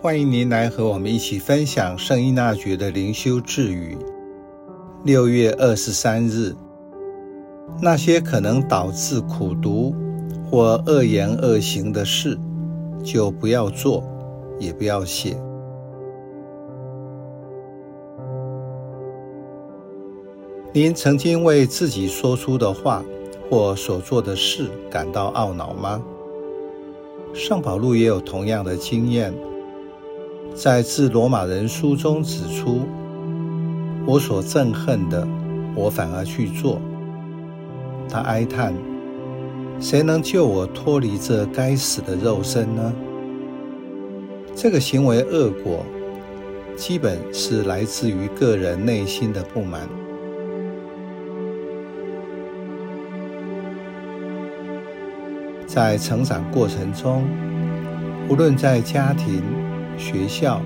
歡迎您來和我們一起分享聖依納爵的靈修智語。六月二十三日，那些可能導致苦毒或惡言惡行的事，就不要做，也不要寫。您曾經為自己說出的話或所做的事感到懊惱嗎？聖保祿也有同樣的經驗。在《致羅馬人》書中指出，我所憎恨的，我反而去做。他哀嘆：“誰能救我脫離這該死的肉身呢？”這個行為惡果，基本是來自於個人內心的不滿。在成長過程中，無論在家庭。學校、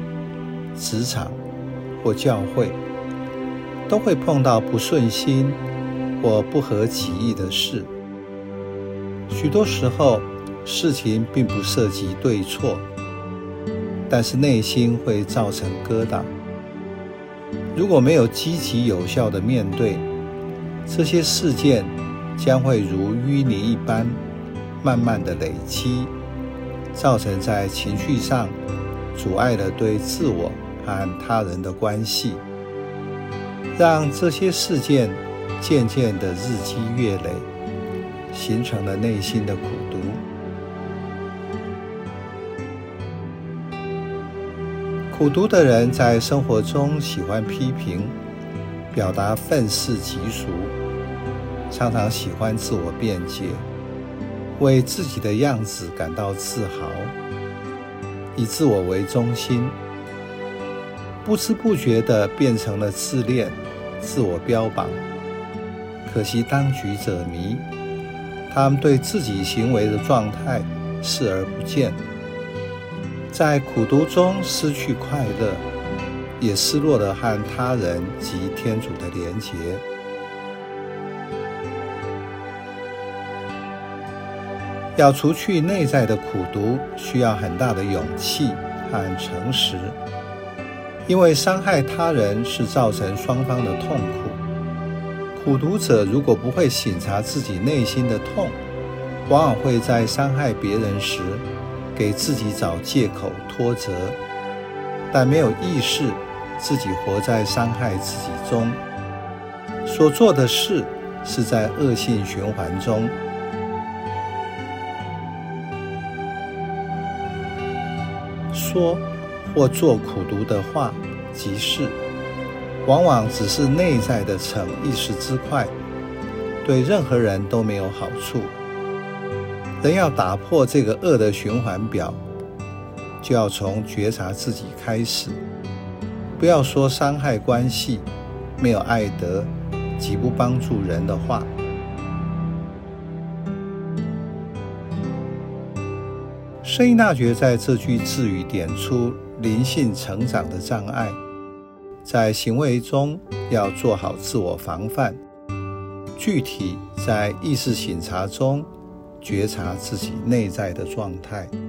職場或教會，都會碰到不順心或不合己意的事。許多時候，事情並不涉及對錯，但是內心會造成疙瘩。如果沒有積極有效的面對，這些事件將會如淤泥一般，慢慢的累積，造成在情緒上。阻礙了對自我和他人的關係，讓這些事件漸漸的日積月累，形成了內心的苦毒。苦毒的人在生活中喜歡批評，表達憤世嫉俗，常常喜歡自我辯解，為自己的樣子感到自豪。以自我為中心，不知不覺的變成了自戀、自我標榜。可惜當局者迷，他們對自己行為的狀態視而不見，在苦毒中失去快樂，也失落了和他人及天主的連結。要除去內在的苦毒，需要很大的勇氣和誠實，因為傷害他人是造成雙方的痛苦。苦毒者如果不會省察自己內心的痛，往往會在傷害別人時，給自己找借口脫責，但沒有意識，自己活在傷害自己中，所做的事是在惡性循環中。說或做苦毒的話、及事，往往只是內在的逞一時之快，對任何人都沒有好處。人要打破這個惡的循環表，就要從覺察自己開始。不要說傷害關係、沒有愛德、及不幫助人的話。聖依納爵在這句智語點出靈性成長的障礙，在行為中要做好自我防範，具體在意識省察中覺察自己內在的狀態。